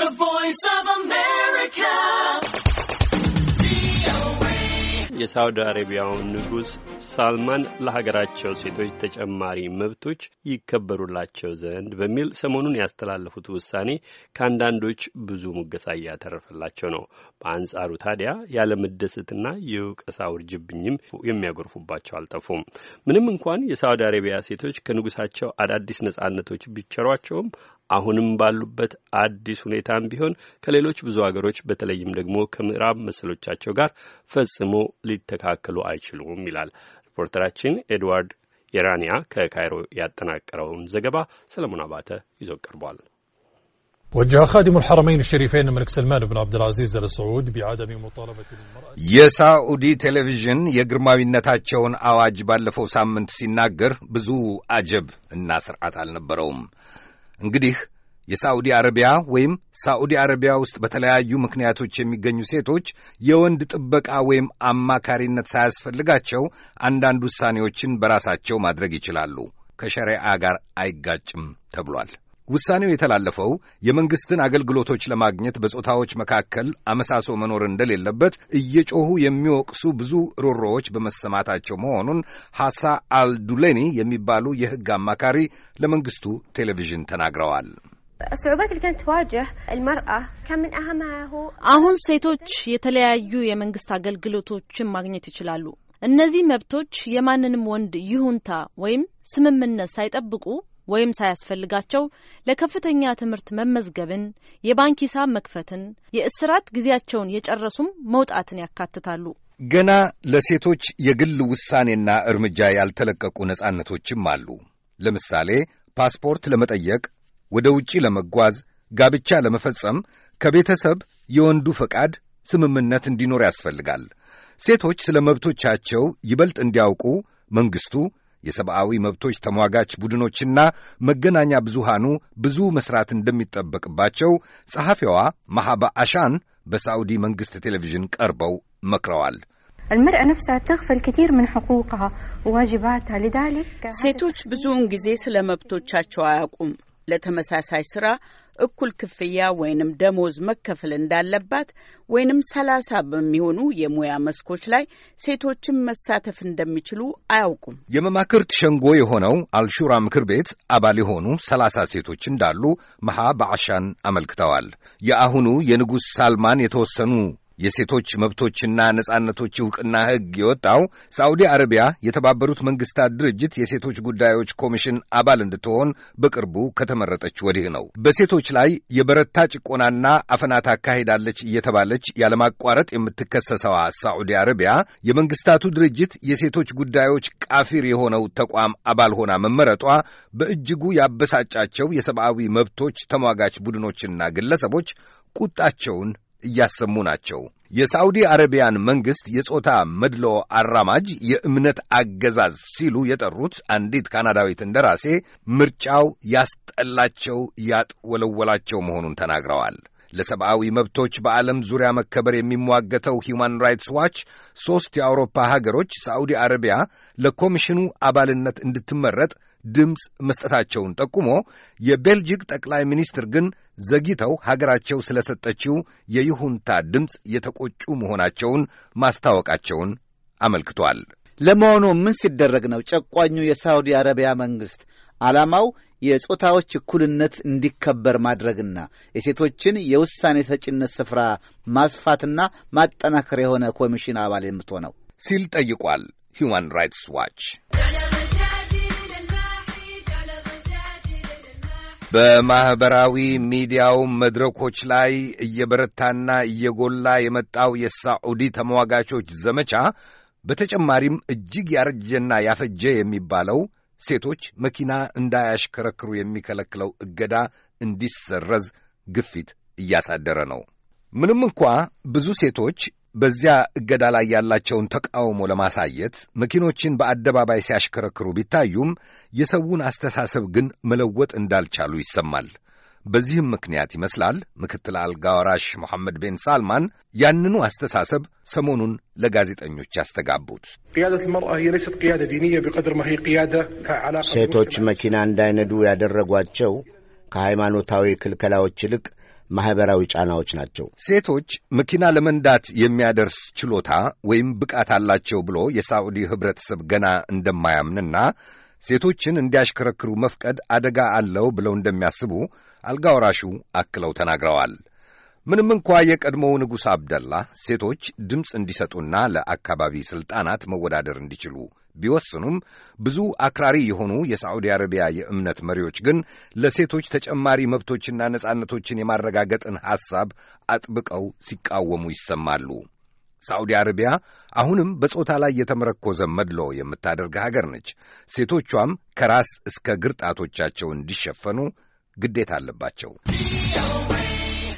The Voice of America. የሳውዲ አረቢያው ንጉሥ ሳልማን ለሀገራቸው ሴቶች ተጨማሪ መብቶች ይከበሩላቸው ዘንድ በሚል ሰሞኑን ያስተላለፉት ውሳኔ ከአንዳንዶች ብዙ ሙገሳ እያተረፈላቸው ነው። በአንጻሩ ታዲያ ያለመደሰትና የውቀሳ ውርጅብኝም የሚያጎርፉባቸው አልጠፉም። ምንም እንኳን የሳውዲ አረቢያ ሴቶች ከንጉሳቸው አዳዲስ ነጻነቶች ቢቸሯቸውም አሁንም ባሉበት አዲስ ሁኔታም ቢሆን ከሌሎች ብዙ አገሮች በተለይም ደግሞ ከምዕራብ መሰሎቻቸው ጋር ፈጽሞ ሊተካከሉ አይችሉም ይላል ሪፖርተራችን ኤድዋርድ የራኒያ ከካይሮ ያጠናቀረውን ዘገባ ሰለሞን አባተ ይዞ ቀርቧል። وجه خادم الحرمين الشريفين الملك سلمان بن عبد العزيز ال سعود بعدم مطالبة المرأة የሳዑዲ ቴሌቪዥን የግርማዊነታቸውን አዋጅ ባለፈው ሳምንት ሲናገር ብዙ አጀብ እና ስርዓት አልነበረውም። እንግዲህ የሳዑዲ አረቢያ ወይም ሳዑዲ አረቢያ ውስጥ በተለያዩ ምክንያቶች የሚገኙ ሴቶች የወንድ ጥበቃ ወይም አማካሪነት ሳያስፈልጋቸው አንዳንድ ውሳኔዎችን በራሳቸው ማድረግ ይችላሉ። ከሸሪዓ ጋር አይጋጭም ተብሏል። ውሳኔው የተላለፈው የመንግስትን አገልግሎቶች ለማግኘት በጾታዎች መካከል አመሳሶ መኖር እንደሌለበት እየጮሁ የሚወቅሱ ብዙ ሮሮዎች በመሰማታቸው መሆኑን ሐሳ አልዱሌኒ የሚባሉ የሕግ አማካሪ ለመንግስቱ ቴሌቪዥን ተናግረዋል። አሁን ሴቶች የተለያዩ የመንግስት አገልግሎቶችን ማግኘት ይችላሉ። እነዚህ መብቶች የማንንም ወንድ ይሁንታ ወይም ስምምነት ሳይጠብቁ ወይም ሳያስፈልጋቸው ለከፍተኛ ትምህርት መመዝገብን፣ የባንክ ሂሳብ መክፈትን፣ የእስራት ጊዜያቸውን የጨረሱም መውጣትን ያካትታሉ። ገና ለሴቶች የግል ውሳኔና እርምጃ ያልተለቀቁ ነጻነቶችም አሉ። ለምሳሌ ፓስፖርት ለመጠየቅ፣ ወደ ውጪ ለመጓዝ፣ ጋብቻ ለመፈጸም ከቤተሰብ የወንዱ ፈቃድ ስምምነት እንዲኖር ያስፈልጋል። ሴቶች ስለ መብቶቻቸው ይበልጥ እንዲያውቁ መንግሥቱ የሰብአዊ መብቶች ተሟጋች ቡድኖችና መገናኛ ብዙሃኑ ብዙ መስራት እንደሚጠበቅባቸው ጸሐፊዋ ማሃባ አሻን በሳዑዲ መንግሥት ቴሌቪዥን ቀርበው መክረዋል። ሴቶች ብዙውን ጊዜ ስለ መብቶቻቸው አያውቁም። ለተመሳሳይ ሥራ እኩል ክፍያ ወይንም ደሞዝ መከፈል እንዳለባት ወይንም ሰላሳ በሚሆኑ የሙያ መስኮች ላይ ሴቶችን መሳተፍ እንደሚችሉ አያውቁም። የመማክርት ሸንጎ የሆነው አልሹራ ምክር ቤት አባል የሆኑ ሰላሳ ሴቶች እንዳሉ መሃ በአሻን አመልክተዋል። የአሁኑ የንጉሥ ሳልማን የተወሰኑ የሴቶች መብቶችና ነጻነቶች ዕውቅና ሕግ የወጣው ሳዑዲ አረቢያ የተባበሩት መንግስታት ድርጅት የሴቶች ጉዳዮች ኮሚሽን አባል እንድትሆን በቅርቡ ከተመረጠች ወዲህ ነው። በሴቶች ላይ የበረታ ጭቆናና አፈና ታካሂዳለች እየተባለች ያለማቋረጥ የምትከሰሰዋ ሳዑዲ አረቢያ የመንግስታቱ ድርጅት የሴቶች ጉዳዮች ቃፊር የሆነው ተቋም አባል ሆና መመረጧ በእጅጉ ያበሳጫቸው የሰብአዊ መብቶች ተሟጋች ቡድኖችና ግለሰቦች ቁጣቸውን እያሰሙ ናቸው። የሳዑዲ አረቢያን መንግሥት የጾታ መድሎ አራማጅ የእምነት አገዛዝ ሲሉ የጠሩት አንዲት ካናዳዊት እንደራሴ ምርጫው ያስጠላቸው ያጥወለወላቸው መሆኑን ተናግረዋል። ለሰብአዊ መብቶች በዓለም ዙሪያ መከበር የሚሟገተው ሂውማን ራይትስ ዋች ሦስት የአውሮፓ ሀገሮች ሳዑዲ አረቢያ ለኮሚሽኑ አባልነት እንድትመረጥ ድምፅ መስጠታቸውን ጠቁሞ የቤልጂክ ጠቅላይ ሚኒስትር ግን ዘግይተው ሀገራቸው ስለሰጠችው የይሁንታ ድምፅ የተቆጩ መሆናቸውን ማስታወቃቸውን አመልክቷል። ለመሆኑ ምን ሲደረግ ነው ጨቋኙ የሳውዲ አረቢያ መንግሥት ዓላማው የጾታዎች እኩልነት እንዲከበር ማድረግና የሴቶችን የውሳኔ ሰጪነት ስፍራ ማስፋትና ማጠናከር የሆነ ኮሚሽን አባል የምትሆነው ሲል ጠይቋል። ሁማን ራይትስ ዋች በማኅበራዊ ሚዲያው መድረኮች ላይ እየበረታና እየጎላ የመጣው የሳዑዲ ተሟጋቾች ዘመቻ በተጨማሪም እጅግ ያረጀና ያፈጀ የሚባለው ሴቶች መኪና እንዳያሽከረክሩ የሚከለክለው እገዳ እንዲሰረዝ ግፊት እያሳደረ ነው። ምንም እንኳ ብዙ ሴቶች በዚያ እገዳ ላይ ያላቸውን ተቃውሞ ለማሳየት መኪኖችን በአደባባይ ሲያሽከረክሩ ቢታዩም የሰውን አስተሳሰብ ግን መለወጥ እንዳልቻሉ ይሰማል። በዚህም ምክንያት ይመስላል ምክትል አልጋ ወራሽ መሐመድ ቤን ሳልማን ያንኑ አስተሳሰብ ሰሞኑን ለጋዜጠኞች ያስተጋቡት። ሴቶች መኪና እንዳይነዱ ያደረጓቸው ከሃይማኖታዊ ክልከላዎች ይልቅ ማኅበራዊ ጫናዎች ናቸው። ሴቶች መኪና ለመንዳት የሚያደርስ ችሎታ ወይም ብቃት አላቸው ብሎ የሳዑዲ ኅብረተሰብ ገና እንደማያምንና ሴቶችን እንዲያሽከረክሩ መፍቀድ አደጋ አለው ብለው እንደሚያስቡ አልጋ ወራሹ አክለው ተናግረዋል። ምንም እንኳ የቀድሞው ንጉሥ አብደላ ሴቶች ድምፅ እንዲሰጡና ለአካባቢ ሥልጣናት መወዳደር እንዲችሉ ቢወስኑም ብዙ አክራሪ የሆኑ የሳዑዲ አረቢያ የእምነት መሪዎች ግን ለሴቶች ተጨማሪ መብቶችና ነጻነቶችን የማረጋገጥን ሐሳብ አጥብቀው ሲቃወሙ ይሰማሉ። ሳዑዲ አረቢያ አሁንም በጾታ ላይ የተመረኮዘ መድሎ የምታደርግ ሀገር ነች። ሴቶቿም ከራስ እስከ ግርጣቶቻቸው እንዲሸፈኑ ግዴታ አለባቸው።